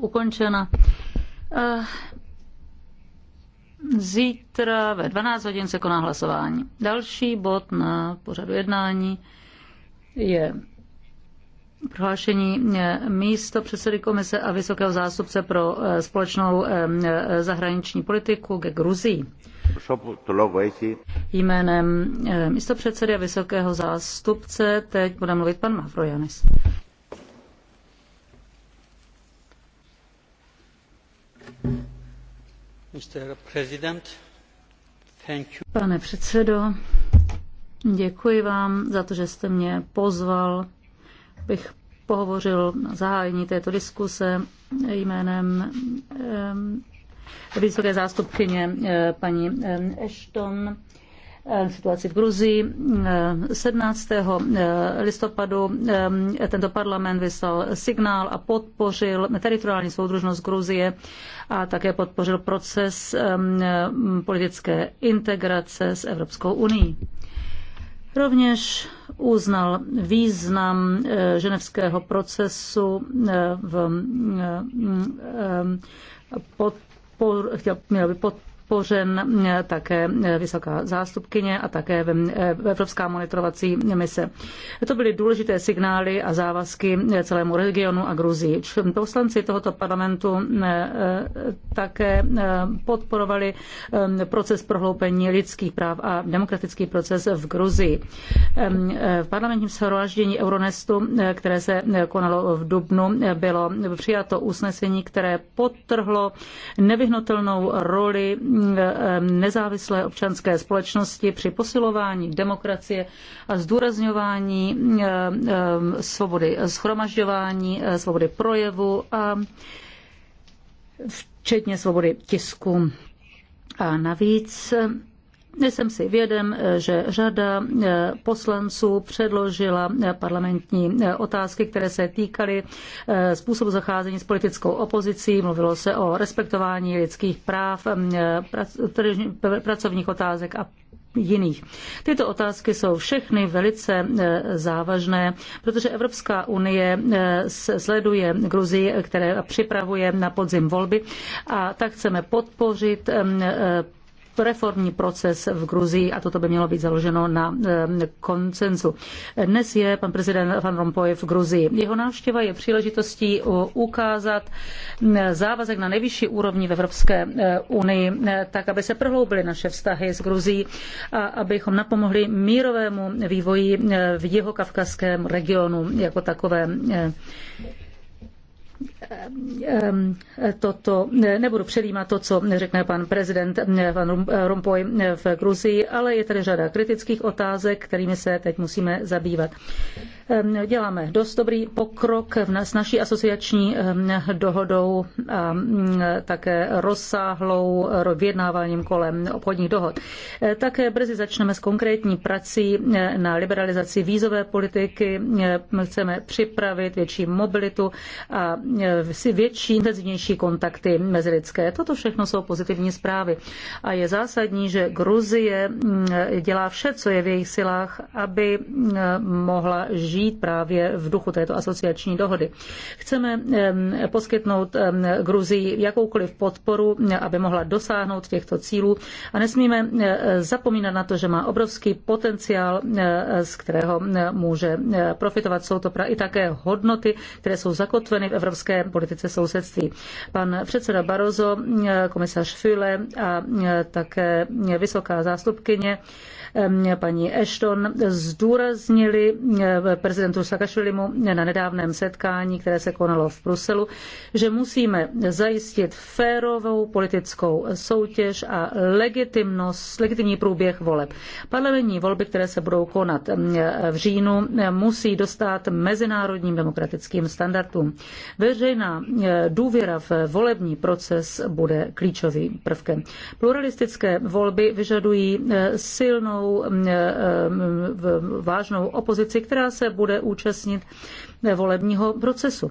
ukončena. Eh, zítra ve 12 hodin se koná hlasování. Další bod na pořadu jednání je prohlášení eh, místo předsedy komise a vysokého zástupce pro eh, společnou zahraniční politiku ke Gruzii. Jménem místo předsedy a vysokého zástupce teď bude mluvit pan Mavrojanis. Pane předsedo, děkuji vám za to, že jste mě pozval. Bych pohovořil na zahájení této diskuse jménem vysoké zástupkyně eh, paní Ashton Eh, situaci v Gruzii. 17. Eh, eh, listopadu tento parlament vyslal signál a podpořil teritoriální soudružnost Gruzie a také podpořil proces politické integrace s Evropskou unii. Rovněž uznal význam ženevského procesu v, pod, chtěl, měl by pod, podpořen eh, také eh, vysoká zástupkyně a také eh, Evropská monitorovací mise. To byly důležité signály a závazky celému regionu a Gruzii. Poslanci tohoto parlamentu také podporovali proces prohloupení lidských práv a demokratický proces v Gruzii. V parlamentním shromáždění Euronestu, které se konalo v Dubnu, bylo přijato usnesení, které podtrhlo nevyhnutelnou roli nezávislé občanské společnosti při posilování demokracie a zdůrazňování svobody schromažďování, eh, svobody projevu a včetně svobody tisku. A navíc jsem si vědem, eh, že řada eh, poslanců předložila eh, parlamentní otázky, které se týkaly způsobu zacházení s politickou opozicí. Mluvilo se o respektování lidských práv, mm, pracovních otázek a jiných. Tyto otázky jsou všechny velice závažné, protože Evropská unie sleduje Gruzii, které připravuje na podzim volby a tak chceme podpořit mm, reformní proces v Gruzii a toto by mělo být založeno na eh, koncenzu. Dnes je pan prezident Van Rompuy v Gruzii. Jeho návštěva je příležitostí eh, ukázat eh, závazek na nejvyšší úrovni v Evropské unii, tak aby se prohloubily naše vztahy s Gruzií a abychom napomohli mírovému vývoji v jeho kavkazském regionu jako takovém. Ehm, ehm, toto, nebudu předjímat to, co řekne pan prezident eh, pan Rompoy eh, eh, v Gruzii, ale je tady řada kritických otázek, kterými se teď musíme zabývat. Ehm, děláme dost dobrý pokrok s naší asociační ehm, dohodou a mm, také rozsáhlou vyjednáváním kolem obchodních dohod. E, také brzy začneme s konkrétní prací e, na liberalizaci vízové politiky. E, chceme připravit větší mobilitu a větší, intenzivnější kontakty mezilidské. Toto všechno jsou pozitivní zprávy. A je zásadní, že Gruzie mm, dělá vše, co je v jejich silách, aby mohla žít žít právě v duchu této asociační dohody. Chceme poskytnout Gruzii jakoukoliv podporu, aby mohla dosáhnout těchto cílů a nesmíme zapomínat na to, že má obrovský potenciál, z kterého může profitovat. Jsou to i také hodnoty, které jsou zakotveny v evropské politice sousedství. Pan předseda Barozo, komisař Füle a také vysoká zástupkyně paní Ashton zdůraznili prezidentu Sakašvilimu na nedávném setkání, které se konalo v Bruselu, že musíme zajistit férovou politickou soutěž a legitimnost, legitimní průběh voleb. Parlamentní volby, které se budou konat mm, v říjnu, musí dostat mezinárodním demokratickým standardům. Veřejná mm, důvěra v volební proces bude klíčovým prvkem. Pluralistické volby vyžadují mm, silnou vážnou opozici, která se bude účastnit volebního procesu.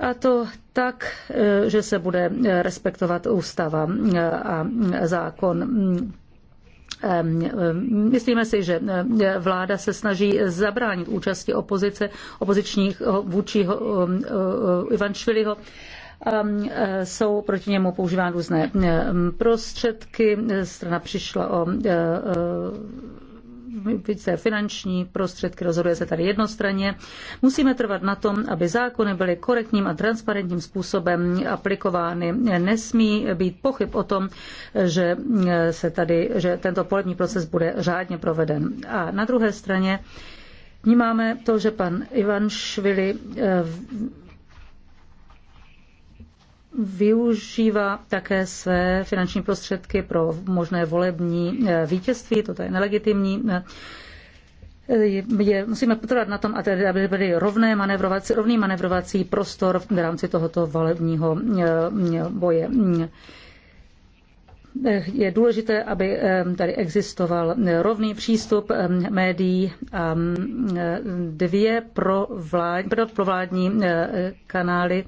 A to tak, eh, že se bude eh, respektovat ústava eh, a zákon. Ehm, ehm, myslíme si, že vláda se snaží zabránit účasti opozice, opozičních vůči A ehm, jsou proti němu používány různé prostředky. Strana přišla o více finanční prostředky, rozhoduje se tady jednostranně. Musíme trvat na tom, aby zákony byly korektním a transparentním způsobem aplikovány. Nesmí být pochyb o tom, že se tady, že tento polební proces bude řádně proveden. A na druhé straně vnímáme to, že pan Ivan Švili eh, využívá také své finanční prostředky pro možné volební eh, vítězství, toto je nelegitimní. Eh, je, je, musíme potrvat na tom, aby byly rovné manevrovací, rovný manevrovací prostor v rámci tohoto volebního eh, boje je důležité, aby tady existoval rovný přístup médií a dvě pro provládní kanály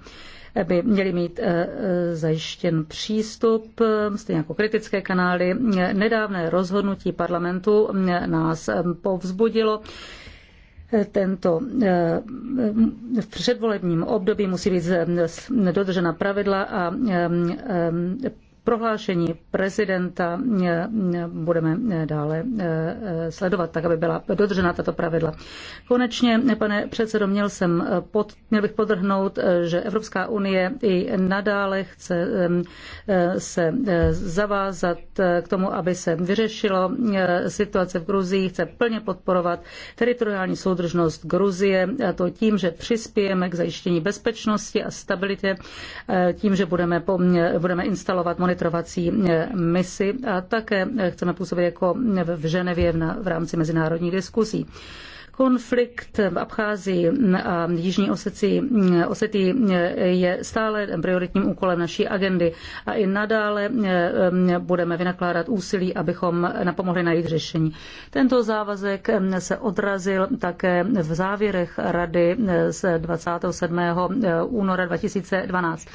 by měly mít eh, eh, zajištěn přístup, eh, stejně jako kritické kanály. Nedávné rozhodnutí parlamentu nás povzbudilo tento v předvolebním období musí být dodržena pravidla a prohlášení prezidenta eh, eh, budeme eh, dále sledovat, tak aby byla dodržena tato pravidla. Konečně, pane předsedo, měl, jsem pod, měl bych podrhnout, že Evropská unie i nadále chce se zavázat k tomu, aby se vyřešilo situace v Gruzii, chce plně podporovat teritoriální soudržnost Gruzie, a to tím, že přispějeme k zajištění bezpečnosti a stabilitě, tím, že budeme, budeme instalovat monitor vyšetrovací eh, misi a také chceme působit jako v Ženevě v rámci mezinárodních diskusí. Konflikt v Abcházii a Jižní Osetii, Osetii je stále prioritním úkolem naší agendy a i nadále eh, eh, budeme vynakládat úsilí, abychom napomohli najít řešení. Tento závazek eh, se odrazil také v závěrech Rady z 27. února 2012.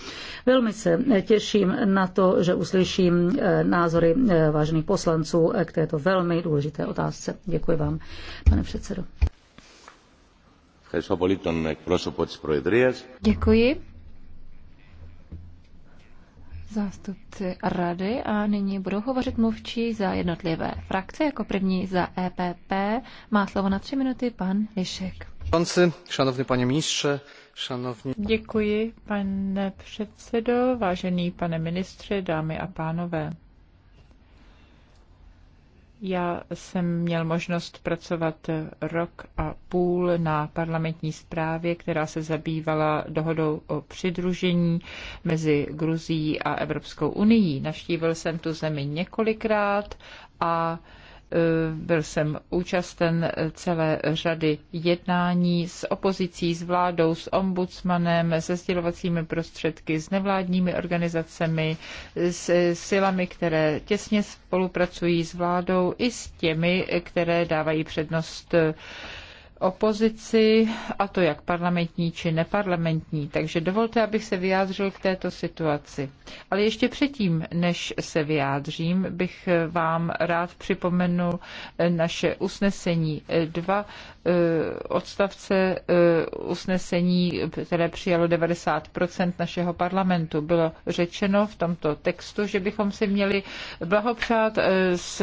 Velmi se těším na to, že uslyším názory vážných poslanců k této velmi důležité otázce. Děkuji vám, pane předsedo. Děkuji zástupci rady a nyní budou hovořit mluvčí za jednotlivé frakce. Jako první za EPP má slovo na tři minuty pan Lišek. Šanovný pane ministře, šanovní... Děkuji, pane předsedo, vážený pane ministře, dámy a pánové. Já jsem měl možnost pracovat rok a půl na parlamentní zprávě, která se zabývala dohodou o přidružení mezi Gruzí a Evropskou unii. Navštívil jsem tu zemi několikrát a Eh, byl jsem účasten celé řady jednání s opozicí, s vládou, s ombudsmanem, se sdělovacími prostředky, s nevládními organizacemi, s silami, které těsně spolupracují s vládou i s těmi, které dávají přednost eh, opozici, a to jak parlamentní či neparlamentní. Takže dovolte, abych se vyjádřil k této situaci. Ale ještě předtím, než se vyjádřím, bych vám rád připomenul naše usnesení. Dva Eh, odstavce eh, usnesení, které přijalo 90 našeho parlamentu. Bylo řečeno v tomto textu, že bychom si měli blahopřát eh, s,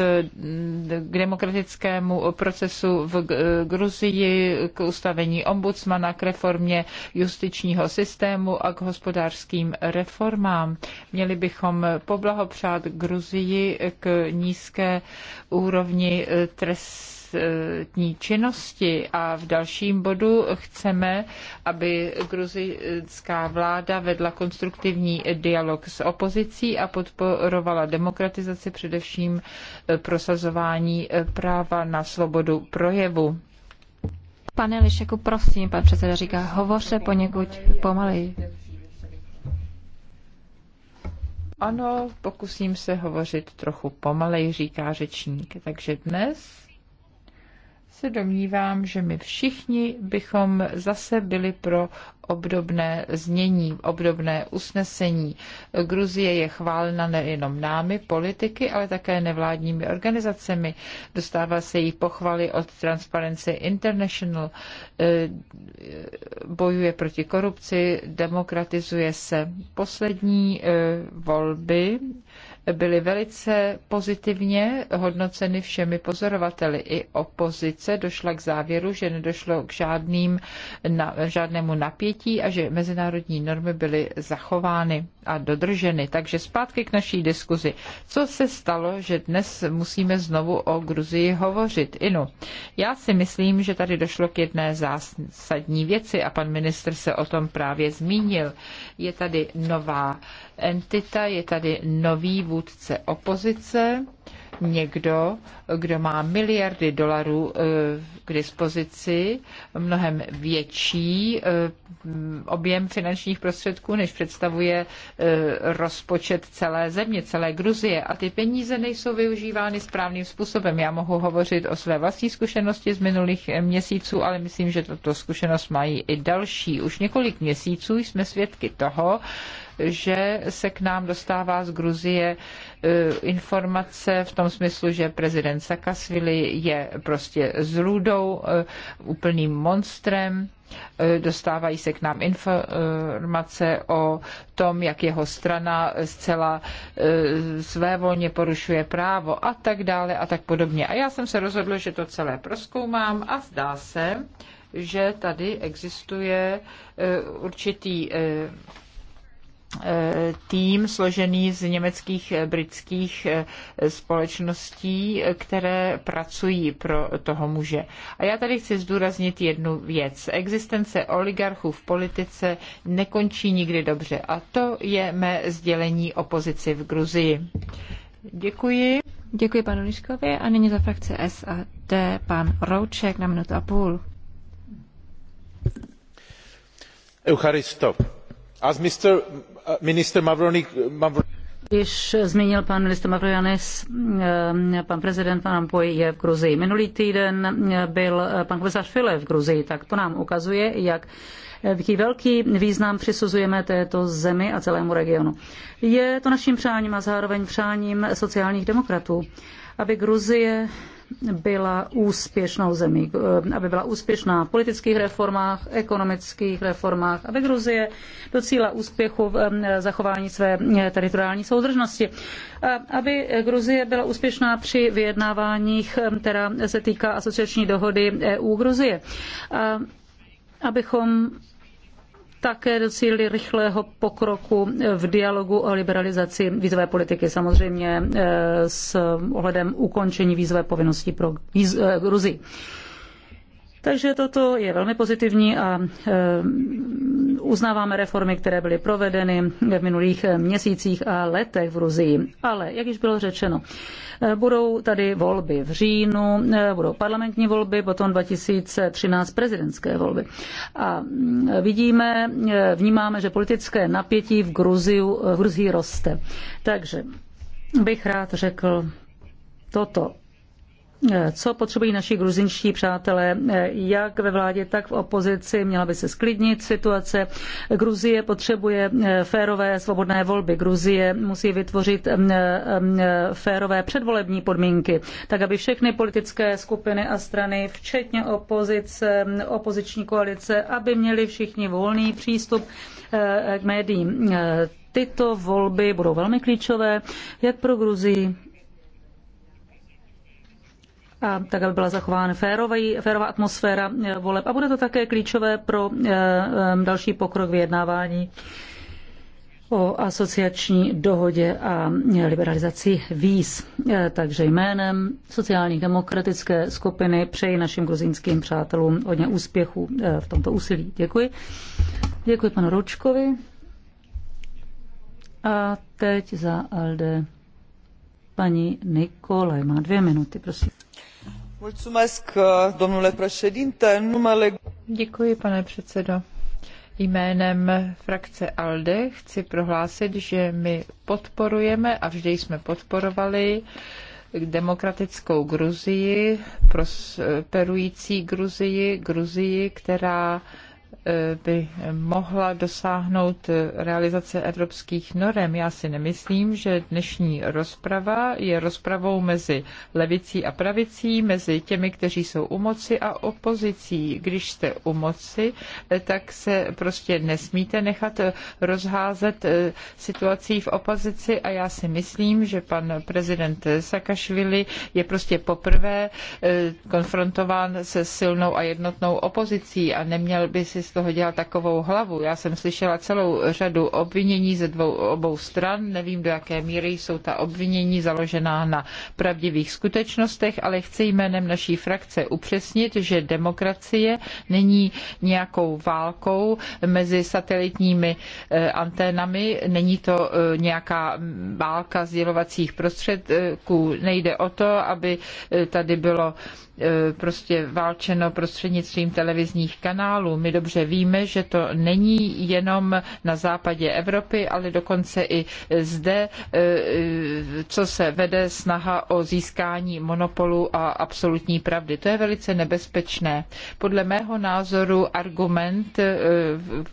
k demokratickému procesu v Gruzii, k ustavení ombudsmana, k reformě justičního systému a k hospodářským reformám. Měli bychom poblahopřát Gruzii k nízké úrovni trest trestní činnosti a v dalším bodu chceme, aby gruzická vláda vedla konstruktivní dialog s opozicí a podporovala demokratizaci, především eh, prosazování eh, práva na svobodu projevu. Pane Lišeku, prosím, pan předseda říká, hovoře poněkud pomaleji. Ano, pokusím se hovořit trochu pomaleji, říká řečník. Takže dnes se domnívám, že my všichni bychom zase byli pro obdobné znění, obdobné usnesení. Gruzie je chválena nejenom námi, politiky, ale také nevládními organizacemi. Dostává se jí pochvaly od Transparency International, eh, bojuje proti korupci, demokratizuje se. Poslední eh, volby byly velice pozitivně hodnoceny všemi pozorovateli. I opozice došla k závěru, že nedošlo k žádným, na, žádnému napětí a že mezinárodní normy byly zachovány a dodrženy. Takže zpátky k naší diskuzi. Co se stalo, že dnes musíme znovu o Gruzii hovořit? Inu, já si myslím, že tady došlo k jedné zásadní věci a pan ministr se o tom právě zmínil. Je tady nová entita, je tady nový vůdce opozice někdo, kdo má miliardy dolarů eh, k dispozici, mnohem větší eh, objem finančních prostředků, než představuje eh, rozpočet celé země, celé Gruzie. A ty peníze nejsou využívány správným způsobem. Já mohu hovořit o své vlastní zkušenosti z minulých měsíců, ale myslím, že toto zkušenost mají i další. Už několik měsíců jsme svědky toho, že se k nám dostává z Gruzie E, informace v tom smyslu, že prezident Sakasvili je prostě zrůdou, e, úplným monstrem. E, dostávají se k nám informace o tom, jak jeho strana zcela svévolně porušuje právo a tak dále a tak podobně. A já jsem se rozhodl, že to celé proskoumám a zdá se, že tady existuje určitý tým složený z německých britských eh, společností, které pracují pro toho muže. A já tady chci zdůraznit jednu věc. Existence oligarchů v politice nekončí nikdy dobře. A to je mé sdělení opozici v Gruzii. Děkuji. Děkuji panu Liškovi a nyní za frakce SAD pan Rouček na minutu a půl. Eucharisto, as Mr. Minister již zmínil pan ministr mavroyiannis eh, pan prezident Van Rompuy je v Gruzii. Minulý týden byl eh, pan komisař fle v Gruzii, tak to nám ukazuje, jak eh, jaký velký význam přisuzujeme této zemi a celému regionu. Je to naším přáním a zároveň přáním sociálních demokratů, aby Gruzie byla úspěšnou zemí, eh, aby byla úspěšná v politických reformách, ekonomických reformách, aby Gruzie docíla úspěchu v eh, zachování své eh, teritoriální soudržnosti, aby Gruzie byla úspěšná při vyjednáváních, která se týká asociační dohody EU-Gruzie abychom také docílili rychlého pokroku v dialogu o liberalizaci vízové politiky, samozřejmě eh, s ohledem ukončení vízové povinnosti pro eh, Gruzii. Víz, takže toto je velmi pozitivní a eh, uznáváme reformy, které byly provedeny v minulých eh, měsících a letech v Ruzii. Ale, jak již bylo řečeno, eh, budou tady volby v říjnu, budou parlamentní volby, potom 2013 prezidentské volby. A mm, vidíme, vnímáme, že politické napětí v, Gruziu, v Gruzii roste. Takže bych rád řekl toto co potřebují naši gruzinští přátelé, jak ve vládě, tak v opozici. Měla by se sklidnit situace. Gruzie potřebuje eh, férové svobodné volby. Gruzie musí vytvořit eh, eh, férové předvolební podmínky, tak aby všechny politické skupiny a strany, včetně opozice, opoziční koalice, aby měli všichni volný přístup k médiím. Tyto volby budou velmi klíčové, jak pro Gruzii, a tak, aby byla zachována férový, férová atmosféra eh, voleb. A bude to také klíčové pro eh, eh, další pokrok vyjednávání o asociační dohodě a liberalizaci víz. Takže jménem sociální demokratické skupiny přeji našim gruzínským přátelům hodně úspěchů v tomto úsilí. Děkuji. Děkuji panu Ročkovi. A teď za Alde paní Nikolaj má dvě minuty, prosím. Děkuji, pane předsedo. Jménem frakce ALDE chci prohlásit, že my podporujeme a vždy jsme podporovali demokratickou Gruzii, prosperující Gruzii, Gruzii, která E, by mohla dosáhnout realizace evropských norem. Já si nemyslím, že dnešní rozprava je rozpravou mezi levicí a pravicí, mezi těmi, kteří jsou u moci a opozicí. Když jste u moci, e, tak se prostě nesmíte nechat rozházet e, situací v opozici a já si myslím, že pan prezident Sakašvili je prostě poprvé konfrontován se silnou a jednotnou opozicí a neměl by si toho dělal takovou hlavu. Já jsem slyšela celou řadu obvinění ze dvou, obou stran. Nevím, do jaké míry jsou ta obvinění založená na pravdivých skutečnostech, ale chci jménem naší frakce upřesnit, že demokracie není nějakou válkou mezi satelitními eh, anténami, není to eh, nějaká válka sdělovacích prostředků. Nejde o to, aby eh, tady bylo prostě válčeno prostřednictvím televizních kanálů. My dobře dobře víme, že to není jenom na západě Evropy, ale dokonce i zde, e, co se vede snaha o získání monopolu a absolutní pravdy. To je velice nebezpečné. Podle mého názoru argument, e,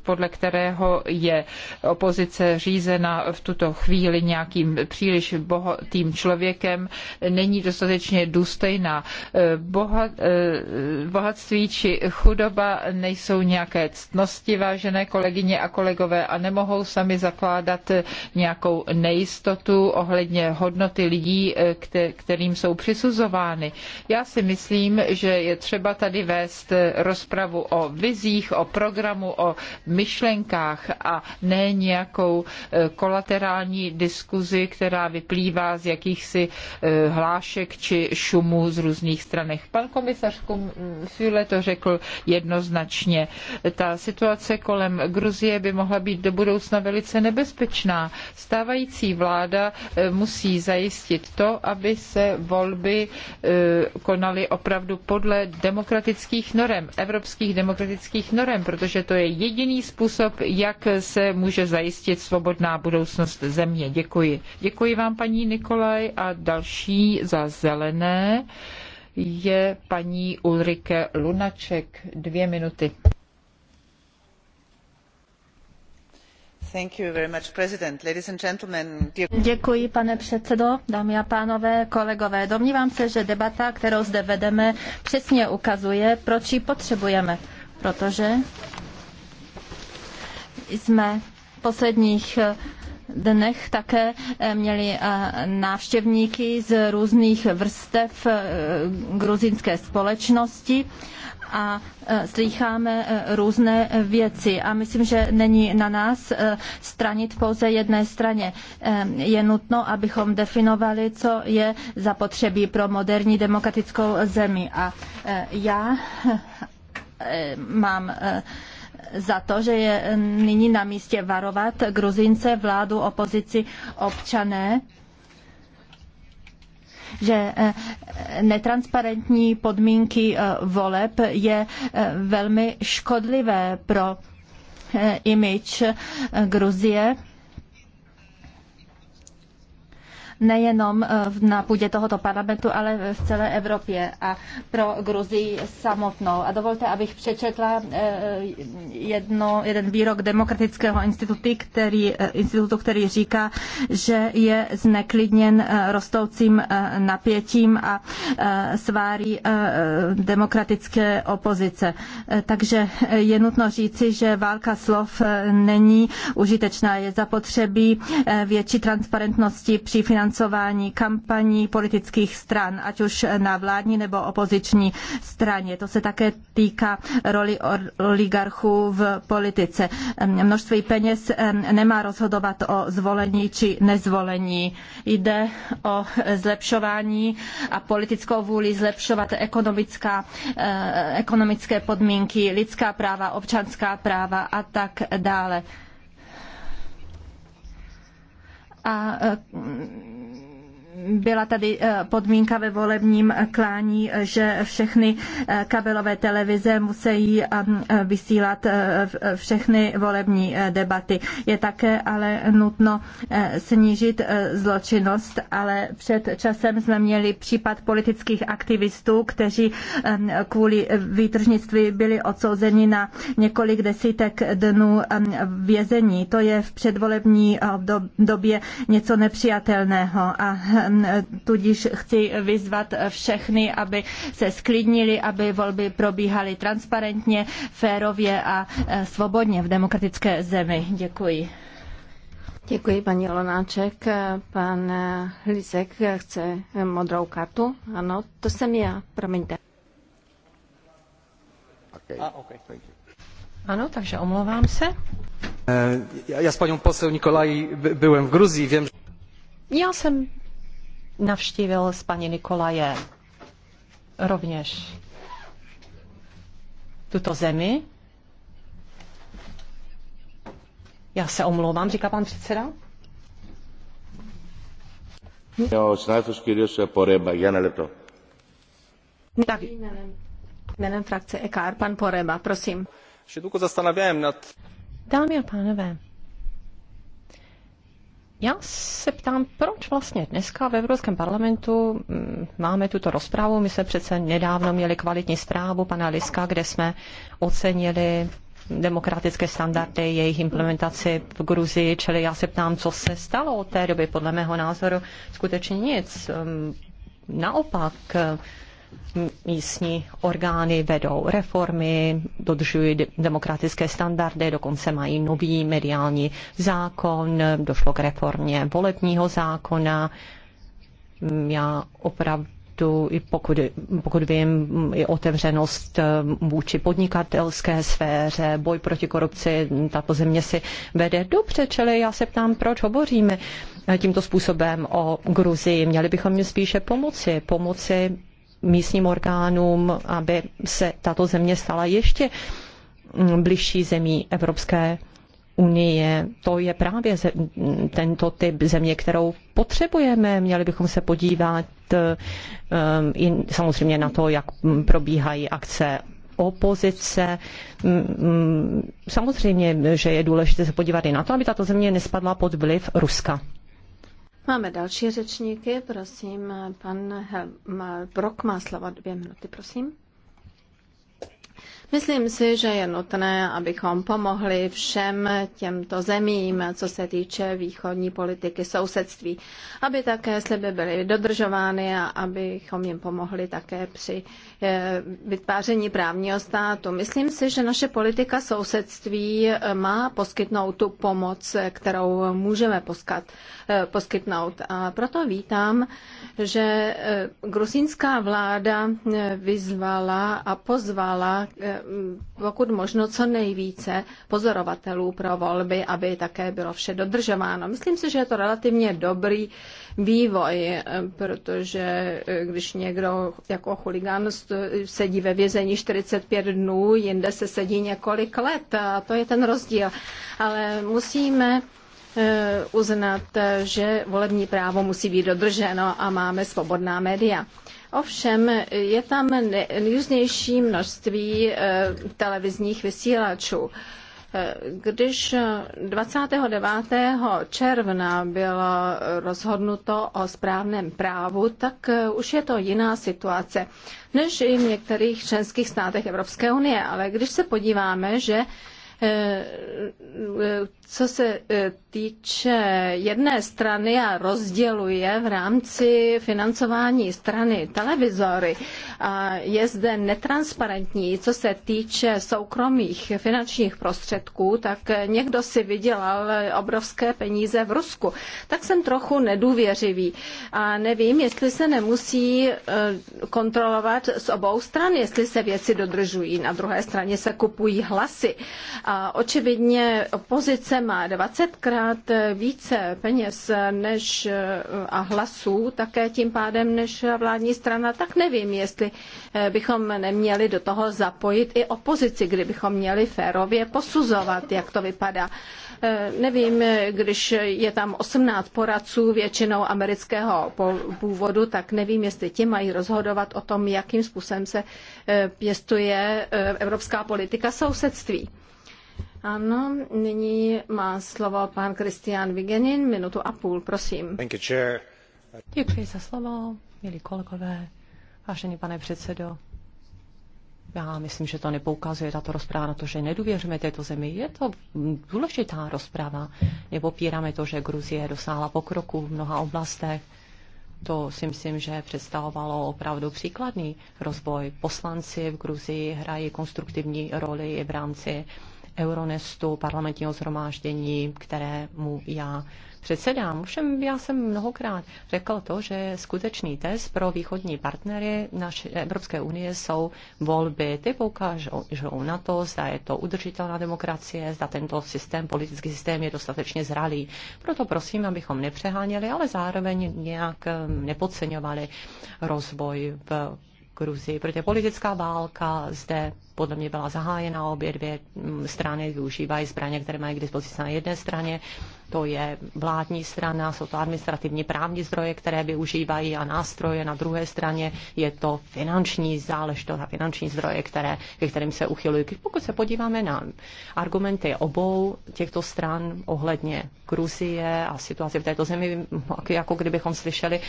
podle kterého je opozice řízena v tuto chvíli nějakým příliš bohatým člověkem, není dostatečně důstojná. E, bohatství či chudoba nejsou nějaké velké ctnosti, vážené kolegyně a kolegové, a nemohou sami zakládat nějakou nejistotu ohledně hodnoty lidí, kterým jsou přisuzovány. Já si myslím, že je třeba tady vést rozpravu o vizích, o programu, o myšlenkách a ne nějakou eh, kolaterální diskuzi, která vyplývá z jakýchsi eh, hlášek či šumů z různých stranech. Pan komisař Fule to řekl jednoznačně. Ta situace kolem Gruzie by mohla být do budoucna velice nebezpečná. Stávající vláda e, musí zajistit to, aby se volby e, konaly opravdu podle demokratických norem, evropských demokratických norem, protože to je jediný způsob, jak se může zajistit svobodná budoucnost země. Děkuji. Děkuji vám, paní Nikolaj, a další za zelené je paní Ulrike Lunaček. Dvě minuty. Děkuji, pane předsedající dámy a kolegové. Domnívám se, že debata, kterou zde vedeme, přesně ukazuje, proč ji potřebujeme. Protože jsme v posledních dnech také eh, měli eh, návštěvníky z různých vrstev eh, gruzínské společnosti a slycháme různé věci a myslím, že není na nás stranit pouze jedné straně. Je nutno, abychom definovali, co je zapotřebí pro moderní demokratickou zemi. A já mám za to, že je eh, nyní na místě varovat Gruzince, vládu, opozici, občané, že eh, netransparentní podmínky eh, voleb je velmi škodlivé pro image Gruzie nejenom eh, na půdě tohoto parlamentu, ale v celé Evropě a pro Gruzii samotnou. A dovolte, abych přečetla eh, jedno, jeden výrok demokratického institutu, který, eh, institutu, který říká, že je zneklidněn rostoucím napětím a sváří demokratické opozice. Takže je nutno říci, že válka slov není užitečná. Je zapotřebí větší transparentnosti při financování financování kampaní politických stran, ať už na vládní nebo opoziční straně. To se také týká roli oligarchů v politice. Množství peněz nemá rozhodovat o zvolení či nezvolení. Jde o zlepšování a politickou vůli zlepšovat ekonomická, eh, ekonomické podmínky, lidská práva, občanská práva a tak dále a eh, byla tady eh, podmínka ve volebním klání, že všechny eh, kabelové televize musí eh, vysílat všechny volební debaty. Je také ale nutno snížit zločinnost, ale před časem jsme měli případ politických aktivistů, kteří kvůli výtržnictví byli odsouzeni na několik desítek dnů vězení. To je v předvolební době něco nepřijatelného a hm, tudíž chci vyzvat všechny, aby se sklidnili, aby volby probíhaly transparentně, férově a e, svobodně v demokratické zemi. Děkuji. Děkuji, paní Lonáček. Pan Hlisek chce modrou kartu. Ano, to jsem já, promiňte. Okay. Ah, okay. Ano, takže omlouvám se. Eh, já s paní posel Nikolají byl byłem v Gruzii, vím, že... Já jsem navštívil s paní Nikolaje rovněž tuto zemi. Já se omlouvám, říká pan předseda. Tak. Jménem frakce EKR, pan Poreba, prosím. Dámy a pánové, já se ptám, proč vlastně dneska v Evropském parlamentu mm, máme tuto rozprávu. My jsme přece nedávno měli kvalitní zprávu pana Liska, kde jsme ocenili demokratické standardy, jejich implementaci v Gruzii, čili já se ptám, co se stalo od té doby. Podle mého názoru skutečně nic. Ehm, naopak, místní orgány vedou reformy, dodržují demokratické standardy, dokonce mají nový mediální zákon, došlo k reformě volebního zákona. Já opravdu i pokud, pokud vím, i otevřenost eh, vůči podnikatelské sféře, boj proti korupci, tato země si vede dobře, čili já se ptám, proč hovoříme eh, tímto způsobem o Gruzii. Měli bychom jim spíše pomoci, pomoci místním orgánům, aby se tato země stala ještě mm, bližší zemí Evropské unie. To je právě tento typ země, kterou potřebujeme. Měli bychom se podívat eh, i samozřejmě na to, jak probíhají akce opozice. Mm, mm, samozřejmě, že je důležité se podívat i na to, aby tato země nespadla pod vliv Ruska. Máme další řečníky, prosím, pan Brok má slovo dvě minuty, prosím. Myslím si, že je nutné, abychom pomohli všem těmto zemím, co se týče východní politiky sousedství, aby také sliby byly dodržovány a abychom jim pomohli také při eh, vytváření právního státu. Myslím si, že naše politika sousedství eh, má poskytnout tu pomoc, eh, kterou můžeme poskat, Eh, poskytnout. A proto vítám, že eh, gruzínská vláda eh, vyzvala a pozvala pokud možno co nejvíce pozorovatelů pro volby, aby také bylo vše dodržováno. Myslím si, že je to relativně dobrý vývoj, protože když někdo jako chuligán sedí ve vězení 45 dnů, jinde se sedí několik let a to je ten rozdíl. Ale musíme E, uznat, že volební právo musí být dodrženo a máme svobodná média. Ovšem je tam nejrůznější množství e, televizních vysílačů. E, když 29. června bylo rozhodnuto o správném právu, tak už je to jiná situace než i v některých členských státech Evropské unie. Ale když se podíváme, že co se e, týče jedné strany a rozděluje v rámci financování strany televizory, a je zde netransparentní, co se týče soukromých finančních prostředků, tak někdo si vydělal obrovské peníze v Rusku. Tak jsem trochu nedůvěřivý a nevím, jestli se nemusí e, kontrolovat z obou stran, jestli se věci dodržují. Na druhé straně se kupují hlasy a očividně opozice má 20krát více peněz než eh, a hlasů také tím pádem než vládní strana, tak nevím, jestli eh, bychom neměli do toho zapojit i opozici, kdybychom měli férově posuzovat, jak to vypadá. Eh, nevím, když je tam 18 poradců většinou amerického původu, tak nevím, jestli ti mají rozhodovat o tom, jakým způsobem se pěstuje evropská politika sousedství. Ano, nyní má slovo pan Kristian Vigenin, minutu a půl, prosím. Děkuji za slovo, milí kolegové, vážený pane předsedo. Já myslím, že to nepoukazuje tato rozpráva na to, že nedůvěřujeme této zemi. Je to důležitá rozprava. Nepopíráme to, že Gruzie dosáhla pokroku v mnoha oblastech. To si myslím, že představovalo opravdu příkladný rozvoj. Poslanci v Gruzii hrají konstruktivní roli i v rámci Euronestu, parlamentního zhromáždění, kterému já předsedám. Všem já jsem mnohokrát řekl to, že skutečný test pro východní partnery naše Evropské unie jsou volby. Ty poukážou na to, zda je to udržitelná demokracie, zda tento systém, politický systém je dostatečně zralý. Proto prosím, abychom nepřeháněli, ale zároveň nějak eh, nepodceňovali rozvoj v Gruzii, protože politická válka zde podle mě byla zahájena, obě dvě mm, strany využívají zbraně, které mají k dispozici na jedné straně, to je vládní strana, jsou to administrativní právní zdroje, které využívají a nástroje na druhé straně, je to finanční záležitost a finanční zdroje, které, ke kterým se uchylují. Pokud se podíváme na argumenty obou těchto stran ohledně Gruzie a situace v této zemi, jako kdybychom slyšeli,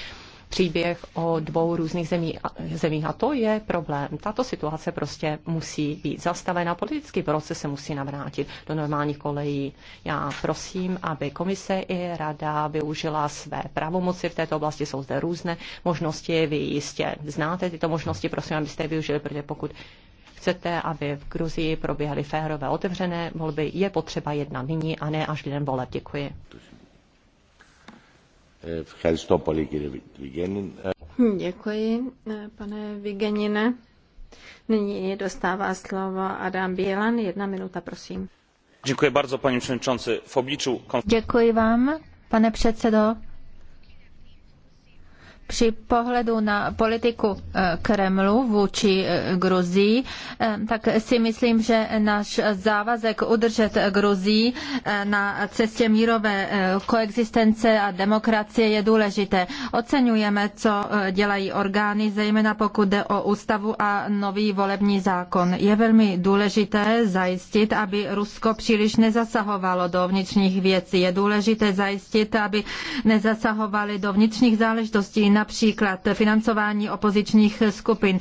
příběh o dvou různých zemí, zemích a to je problém. Tato situace prostě musí být zastavena, politický proces se musí navrátit do normálních kolejí. Já prosím, aby komise i rada využila své pravomoci v této oblasti, jsou zde různé možnosti, vy jistě znáte tyto možnosti, prosím, abyste je využili, protože pokud chcete, aby v Gruzii proběhly férové otevřené volby, je potřeba jednat nyní a ne až lidem voleb. Děkuji. Hm, děkuji, eh, pane Vigenine. Nyní dostává slovo Adam Bielan. Jedna minuta, prosím. Děkuji bardzo, paní předsedající. V obliču... Děkuji vám, pane předsedo. Při pohledu na politiku eh, Kremlu vůči eh, Gruzii, eh, tak si myslím, že náš závazek udržet Gruzii na cestě mírové koexistence a demokracie je důležité. Oceňujeme, co dělají orgány, zejména pokud jde o ústavu a nový volební zákon. Je velmi důležité zajistit, aby Rusko příliš nezasahovalo do vnitřních věcí. Je důležité zajistit, aby nezasahovali do vnitřních záležitostí například financování opozičních skupin.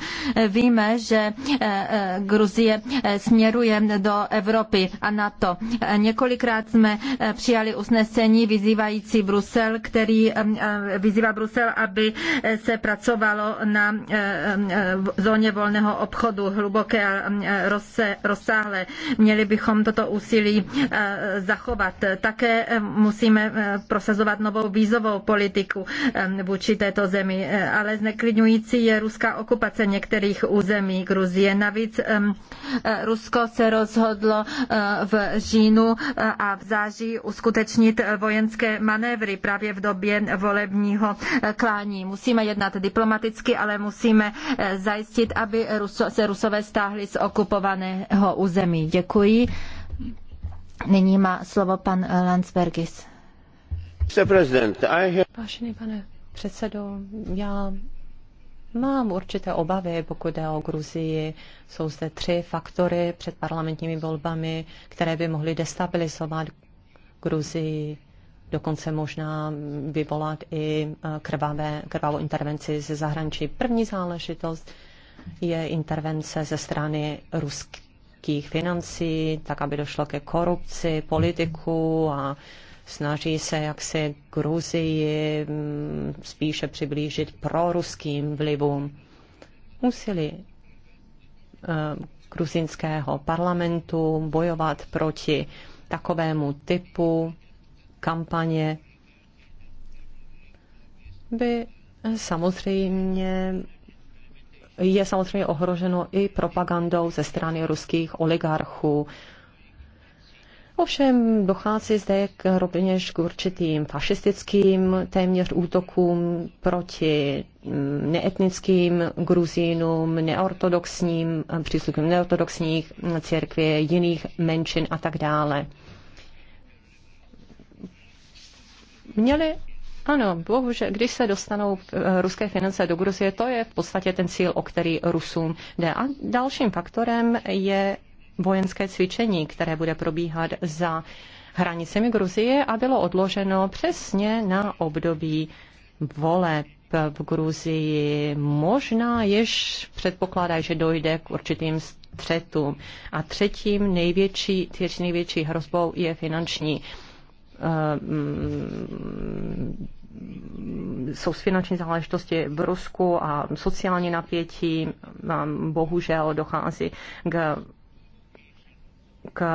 Víme, že eh, eh, Gruzie eh, směruje do Evropy a NATO. Několikrát jsme přijali usnesení vyzývající Brusel, který vyzývá Brusel, aby se pracovalo na zóně volného obchodu hluboké a rozsáhlé. Měli bychom toto úsilí zachovat. Také musíme prosazovat novou vízovou politiku vůči této zemi, eh, ale zneklidňující je ruská okupace některých území Gruzie. Navíc eh, Rusko se rozhodlo eh, v říjnu a v září uskutečnit vojenské manévry právě v době volebního klání. Musíme jednat diplomaticky, ale musíme zajistit, aby se Rusové stáhli z okupovaného území. Děkuji. Nyní má slovo pan Landsbergis. Vážený pane předsedo, já mám určité obavy, pokud jde o Gruzii. Jsou zde tři faktory před parlamentními volbami, které by mohly destabilizovat Gruzii, dokonce možná vyvolat i e, krvavé, krvavou intervenci ze zahraničí. První záležitost je intervence ze strany ruských financí, tak aby došlo ke korupci politiků a snaží se jaksi Gruzii mm, spíše přiblížit proruským vlivům. Museli eh, gruzinského parlamentu bojovat proti takovému typu kampaně by samozřejmě je samozřejmě ohroženo i propagandou ze strany ruských oligarchů, Ovšem dochází zde k rovněž k určitým fašistickým téměř útokům proti mm, neetnickým gruzínům, neortodoxním příslušníkům neortodoxních církví, jiných menšin a tak dále. Měli ano, bohužel, když se dostanou eh, ruské finance do Gruzie, to je v podstatě ten cíl, o který Rusům jde. A dalším faktorem je vojenské cvičení, které bude probíhat za hranicemi Gruzie a bylo odloženo přesně na období voleb v Gruzii. Možná jež předpokládá, že dojde k určitým střetům. A třetím největší, třetí největší hrozbou je finanční ehm, jsou jsou finanční záležitosti v Rusku a sociální napětí. Ehm, bohužel dochází k k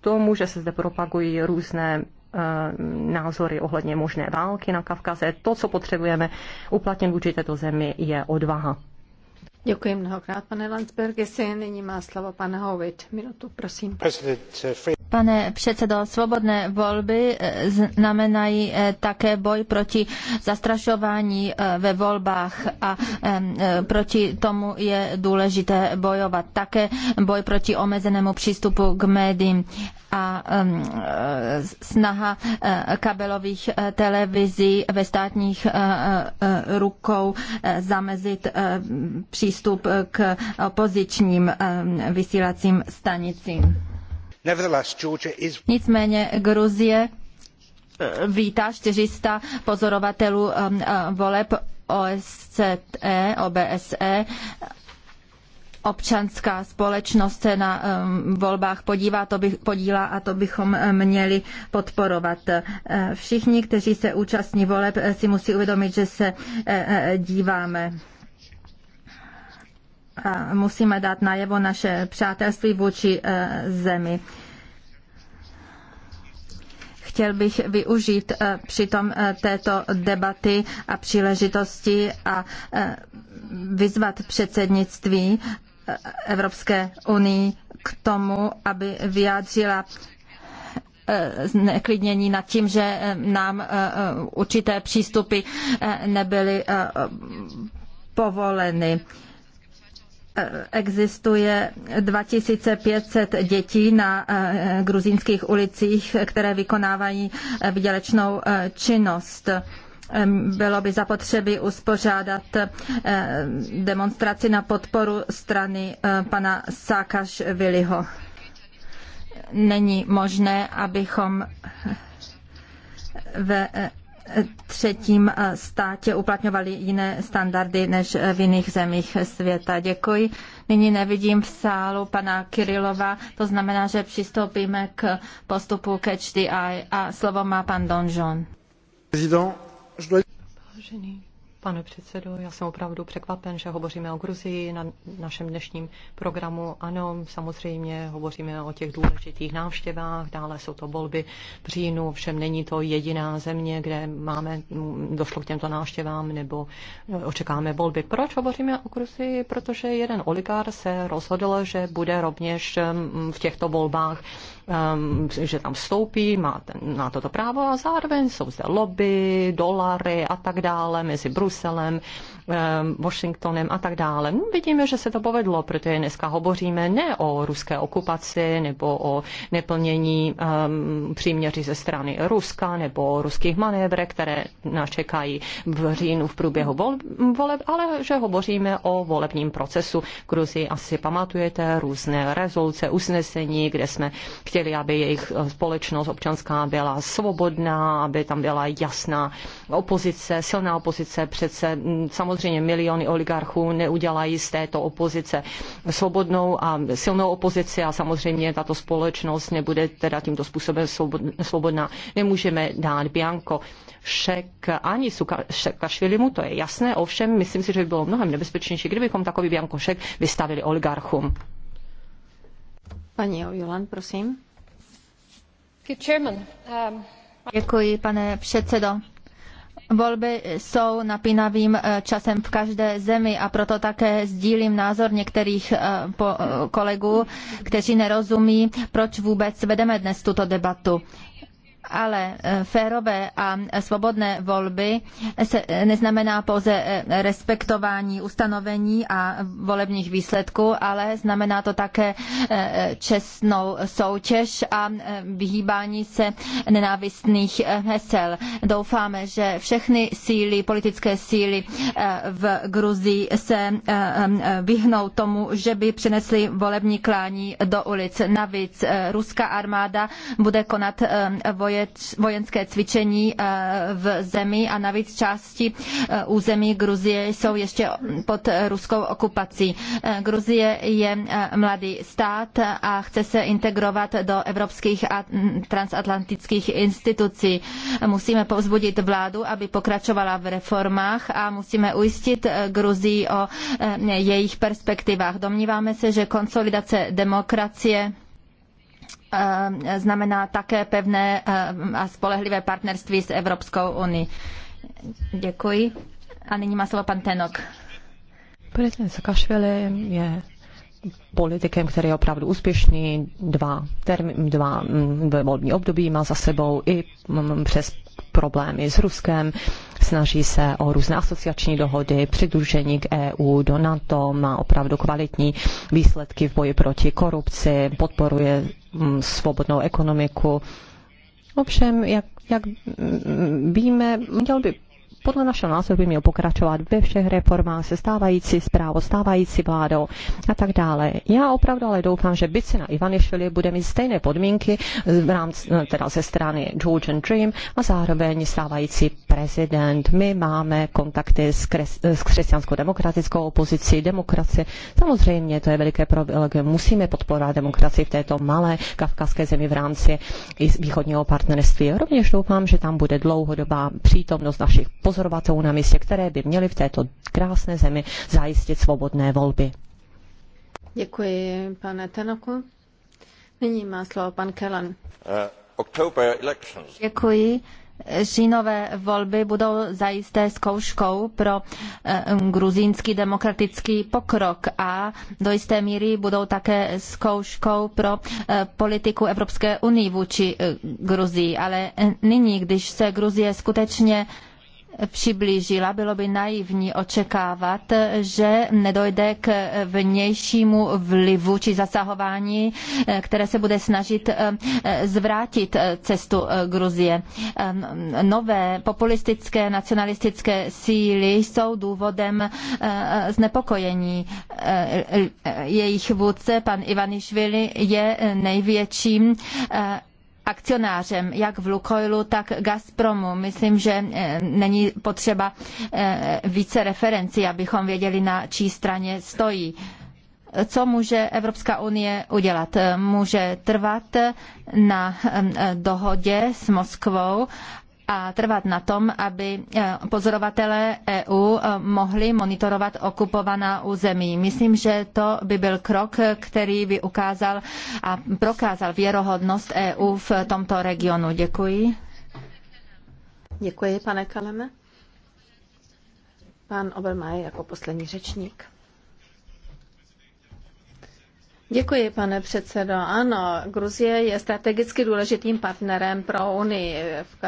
tomu, že se zde propagují různé eh, názory ohledně možné války na Kavkaze. To, co potřebujeme uplatnit vůči této zemi, je odvaha. Děkuji mnohokrát, pane Landsberg. Jestli nyní má slovo pan Hovit. Minutu, prosím. Pane předsedo, svobodné volby eh, znamenají eh, také boj proti zastrašování eh, ve volbách a proti tomu je důležité bojovat. Také boj proti omezenému přístupu k médiím a snaha kabelových televizí ve státních rukou zamezit přístup k opozičním vysílacím stanicím. Nicméně Gruzie eh, vítá 400 pozorovatelů eh, voleb OSCE, OBSE občanská společnost se na eh, volbách podívá, to bych, podílá a to bychom měli podporovat. Všichni, kteří se účastní voleb, si musí uvědomit, že se díváme musíme dát najevo naše přátelství vůči eh, zemi chtěl bych využít eh, přitom eh, této debaty a příležitosti a vyzvat předsednictví Evropské unii k tomu, aby vyjádřila zneklidnění nad tím, že nám určité přístupy nebyly povoleny existuje 2500 dětí na eh, gruzínských ulicích, které vykonávají eh, vydělečnou eh, činnost bylo by zapotřebí uspořádat demonstraci na podporu strany pana Sákašviliho. Není možné, abychom ve třetím eh, státě uplatňovali jiné standardy než eh, v jiných zemích světa. Děkuji. Nyní nevidím v sálu pana Kirilova, to znamená, že přistoupíme k postupu Catch the Eye a slovo má pan Donjon. Pane předsedo, já jsem opravdu překvapen, že hovoříme o Gruzii na našem dnešním programu. Ano, samozřejmě hovoříme o těch důležitých návštěvách, dále jsou to volby v říjnu, všem není to jediná země, kde máme, došlo k těmto návštěvám nebo eh, očekáme volby. Proč hovoříme o Gruzii? Protože jeden oligár se rozhodl, že bude rovněž v těchto volbách že tam vstoupí, má, ten, má toto právo a zároveň jsou zde lobby, dolary a tak dále mezi Brusel Bruselem, ehm, Washingtonem a tak dále. No, vidíme, že se to povedlo, protože dneska hovoříme ne o ruské okupaci nebo o neplnění um, příměří ze strany Ruska nebo o ruských manévrech, které nás čekají v říjnu v průběhu voleb, ale že hovoříme o volebním procesu. V asi pamatujete různé rezoluce, usnesení, kde jsme chtěli, aby jejich společnost občanská byla svobodná, aby tam byla jasná opozice, silná opozice přece mm, samozřejmě miliony oligarchů neudělají z této opozice svobodnou a silnou opozici a samozřejmě tato společnost nebude teda tímto způsobem svobodná. Nemůžeme dát Bianko šek ani Sukašvili mu, to je jasné, ovšem myslím si, že by bylo mnohem nebezpečnější, kdybychom takový Bianko šek vystavili oligarchům. Paní Jolan, prosím. Um, Děkuji, pane předsedo. Volby jsou napínavým eh, časem v každé zemi a proto také sdílím názor některých eh, eh, kolegů, kteří nerozumí, proč vůbec vedeme dnes tuto debatu ale eh, férové a svobodné volby se eh, neznamená pouze eh, respektování ustanovení a volebních výsledků, ale znamená to také čestnou soutěž a vyhýbání se nenávistných hesel. Doufáme, že všechny síly, politické síly v Gruzii se vyhnou tomu, že by přinesli volební klání do ulic. Navíc ruská armáda bude konat vojenské vojenské cvičení eh, v zemi a navíc části eh, území Gruzie jsou ještě pod eh, ruskou okupací. Gruzie je mladý stát a chce se integrovat do evropských a mm, transatlantických institucí. Musíme povzbudit vládu, aby pokračovala v reformách a musíme ujistit Gruzii o jejich perspektivách. Domníváme se, že konsolidace demokracie Eh, znamená také pevné eh, a spolehlivé partnerství s Evropskou unii. Děkuji. A nyní má slovo pan Tenok. Prezident Sakašvili je politikem, který je opravdu úspěšný, dva, term, dva mm, volbní období má za sebou i mm, přes problémy s Ruskem, snaží se o různé asociační dohody, přidružení k EU, do NATO, má opravdu kvalitní výsledky v boji proti korupci, podporuje mm, svobodnou ekonomiku. Ovšem, jak, jak mm, víme, měl by podle našeho názoru by měl pokračovat ve všech reformách se stávající zprávou, stávající vládou a tak dále. Já opravdu ale doufám, že byt se na Ivanišvili bude mít stejné podmínky eh, v rámci, eh, teda ze strany Georgian Dream a zároveň stávající prezident. My máme kontakty s, kres, eh, s křesťanskou demokratickou opozicí, demokracie. Samozřejmě to je veliké problém. Musíme podporovat demokracii v této malé kavkazské zemi v rámci i východního partnerství. Rovněž doufám, že tam bude dlouhodobá přítomnost našich pozorů pozorovatelů na místě, které by měly v této krásné zemi zajistit svobodné volby. Děkuji, pane Tenoku. Nyní má slovo pan Kellan. Eh, Děkuji Žínové volby budou zajisté zkouškou pro eh, gruzínský demokratický pokrok a do jisté míry budou také zkouškou pro eh, politiku Evropské unie vůči Gruzii. Ale nyní, když se Gruzie skutečně přiblížila. Bylo by naivní očekávat, že nedojde k vnějšímu vlivu či zasahování, které se bude snažit eh, zvrátit eh, cestu eh, Gruzie. Nové populistické nacionalistické síly jsou důvodem znepokojení. Jejich vůdce, pan Ivanišvili, je největším akcionářem jak v Lukoilu, tak Gazpromu. Myslím, že eh, není potřeba eh, více referencí, abychom věděli, na čí straně stojí co může Evropská unie udělat? Může trvat na eh, dohodě s Moskvou a trvat na tom, aby eh, pozorovatelé EU eh, mohli monitorovat okupovaná území. Myslím, že to by byl krok, který by ukázal a prokázal věrohodnost EU v tomto regionu. Děkuji. Děkuji, pane Kaleme. Pan Obermaj jako poslední řečník. Děkuji, pane předsedo. Ano, Gruzie je strategicky důležitým partnerem pro Unii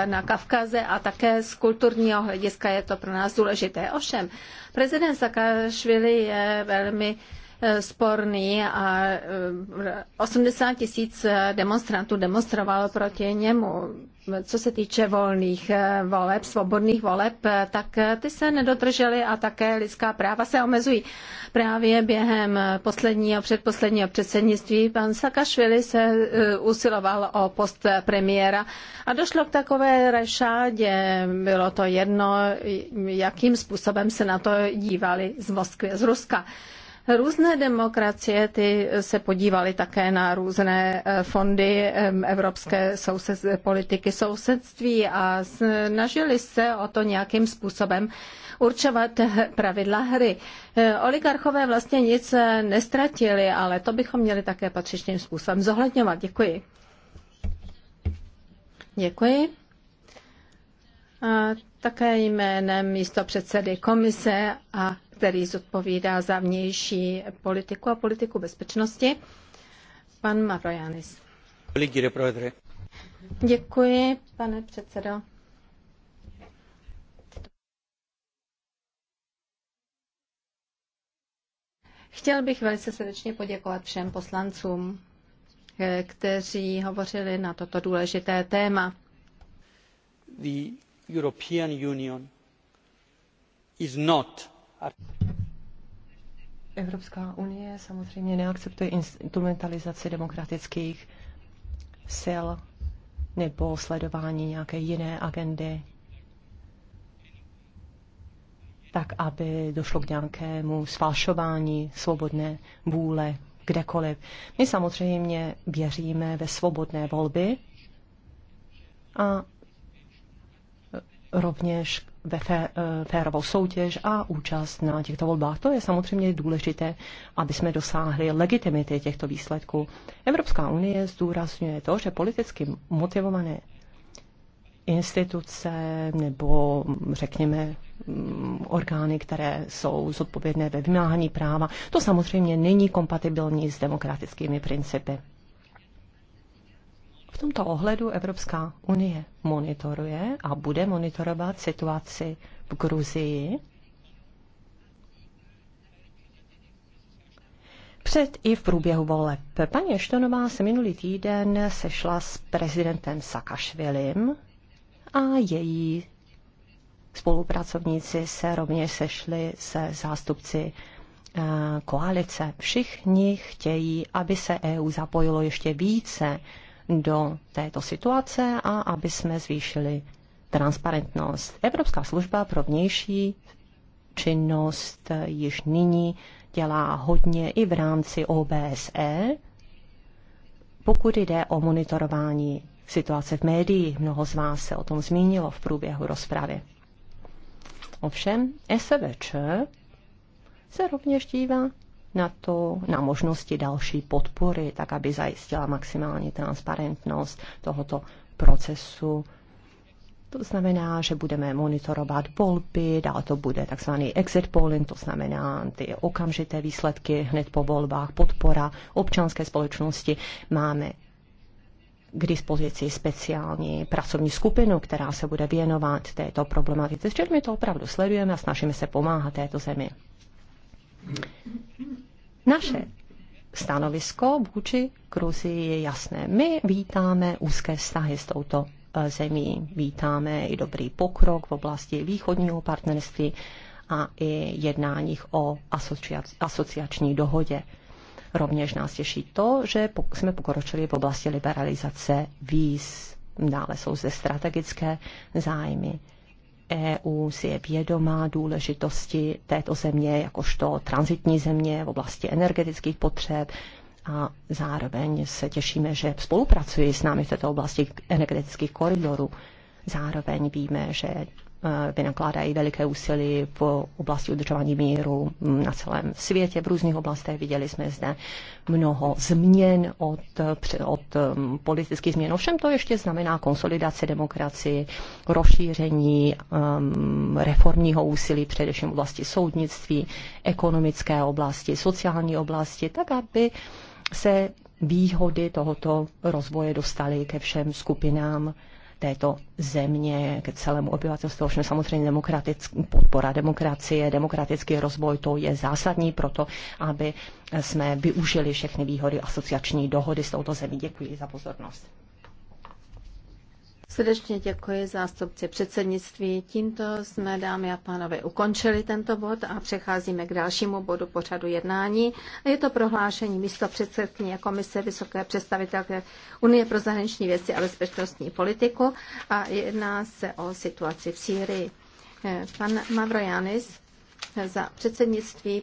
na Kavkaze a také z kulturního hlediska je to pro nás důležité. Ovšem, prezident Sakašvili je velmi sporný a 80 eh, tisíc demonstrantů demonstrovalo proti němu. Co se týče volných eh, voleb, svobodných voleb, eh, tak ty se nedodržely a také lidská práva se omezují. Právě během posledního, předposledního předsednictví pan Sakašvili se usiloval o post premiéra a došlo k takové rešádě. Bylo to jedno, jakým způsobem se na to dívali z Moskvy, z Ruska. Různé demokracie ty se podívaly také na různé eh, fondy evropské soused, politiky sousedství a snažili se o to nějakým způsobem určovat pravidla hry. Eh, oligarchové vlastně nic eh, nestratili, ale to bychom měli také patřičným způsobem zohledňovat. Děkuji. Děkuji. A také jménem místo předsedy komise a který zodpovídá za vnější politiku a politiku bezpečnosti, pan Mavrojanis. Děkuji, pane předsedo. Chtěl bych velice srdečně poděkovat všem poslancům, kteří hovořili na toto důležité téma. The European Union is not Evropská unie samozřejmě neakceptuje instrumentalizaci demokratických sil nebo sledování nějaké jiné agendy, tak aby došlo k nějakému sfalšování svobodné vůle kdekoliv. My samozřejmě věříme ve svobodné volby a rovněž ve fé, eh, férovou soutěž a účast na těchto volbách. To je samozřejmě důležité, aby jsme dosáhli legitimity těchto výsledků. Evropská unie zdůrazňuje to, že politicky motivované instituce nebo řekněme mm, orgány, které jsou zodpovědné ve vymáhání práva, to samozřejmě není kompatibilní s demokratickými principy. V tomto ohledu Evropská unie monitoruje a bude monitorovat situaci v Gruzii před i v průběhu voleb. Paní Eštonová se minulý týden sešla s prezidentem Sakašvilim a její spolupracovníci se rovněž sešli se zástupci eh, koalice. Všichni chtějí, aby se EU zapojilo ještě více do této situace a aby jsme zvýšili transparentnost. Evropská služba pro vnější činnost již nyní dělá hodně i v rámci OBSE, pokud jde o monitorování situace v médiích. Mnoho z vás se o tom zmínilo v průběhu rozpravy. Ovšem, SVČ se rovněž dívá na to, na možnosti další podpory, tak aby zajistila maximální transparentnost tohoto procesu. To znamená, že budeme monitorovat volby, dál to bude takzvaný exit polling, to znamená ty okamžité výsledky hned po volbách, podpora občanské společnosti. Máme k dispozici speciální pracovní skupinu, která se bude věnovat této problematice. S my to opravdu sledujeme a snažíme se pomáhat této zemi. Naše stanovisko vůči Gruzii je jasné. My vítáme úzké vztahy s touto eh, zemí, vítáme i dobrý pokrok v oblasti východního partnerství a i jednáních o asociační dohodě. Rovněž nás těší to, že jsme pokročili v oblasti liberalizace víz. Dále jsou zde strategické zájmy EU si je vědomá důležitosti této země jakožto transitní země v oblasti energetických potřeb a zároveň se těšíme, že spolupracují s námi v této oblasti energetických koridorů. Zároveň víme, že Eh, vynakládají veliké úsilí v oblasti udržování míru na celém světě, v různých oblastech. Viděli jsme zde mnoho změn od, od mm, politických změn. Ovšem to ještě znamená konsolidaci demokracie, rozšíření um, reformního úsilí, především v oblasti soudnictví, ekonomické oblasti, sociální oblasti, tak aby se výhody tohoto rozvoje dostaly ke všem skupinám této země, k celému obyvatelstvu. Ovšem samozřejmě demokratický, podpora demokracie, demokratický rozvoj, to je zásadní proto, aby jsme využili všechny výhody asociační dohody s touto zemí. Děkuji za pozornost. Srdečně děkuji zástupci předsednictví. Tímto jsme, dámy a pánové, ukončili tento bod a přecházíme k dalšímu bodu pořadu jednání. Je to prohlášení místo předsedkyně Komise Vysoké představitelky Unie pro zahraniční věci a bezpečnostní politiku a jedná se o situaci v Sýrii. Pan Mavrojanis za předsednictví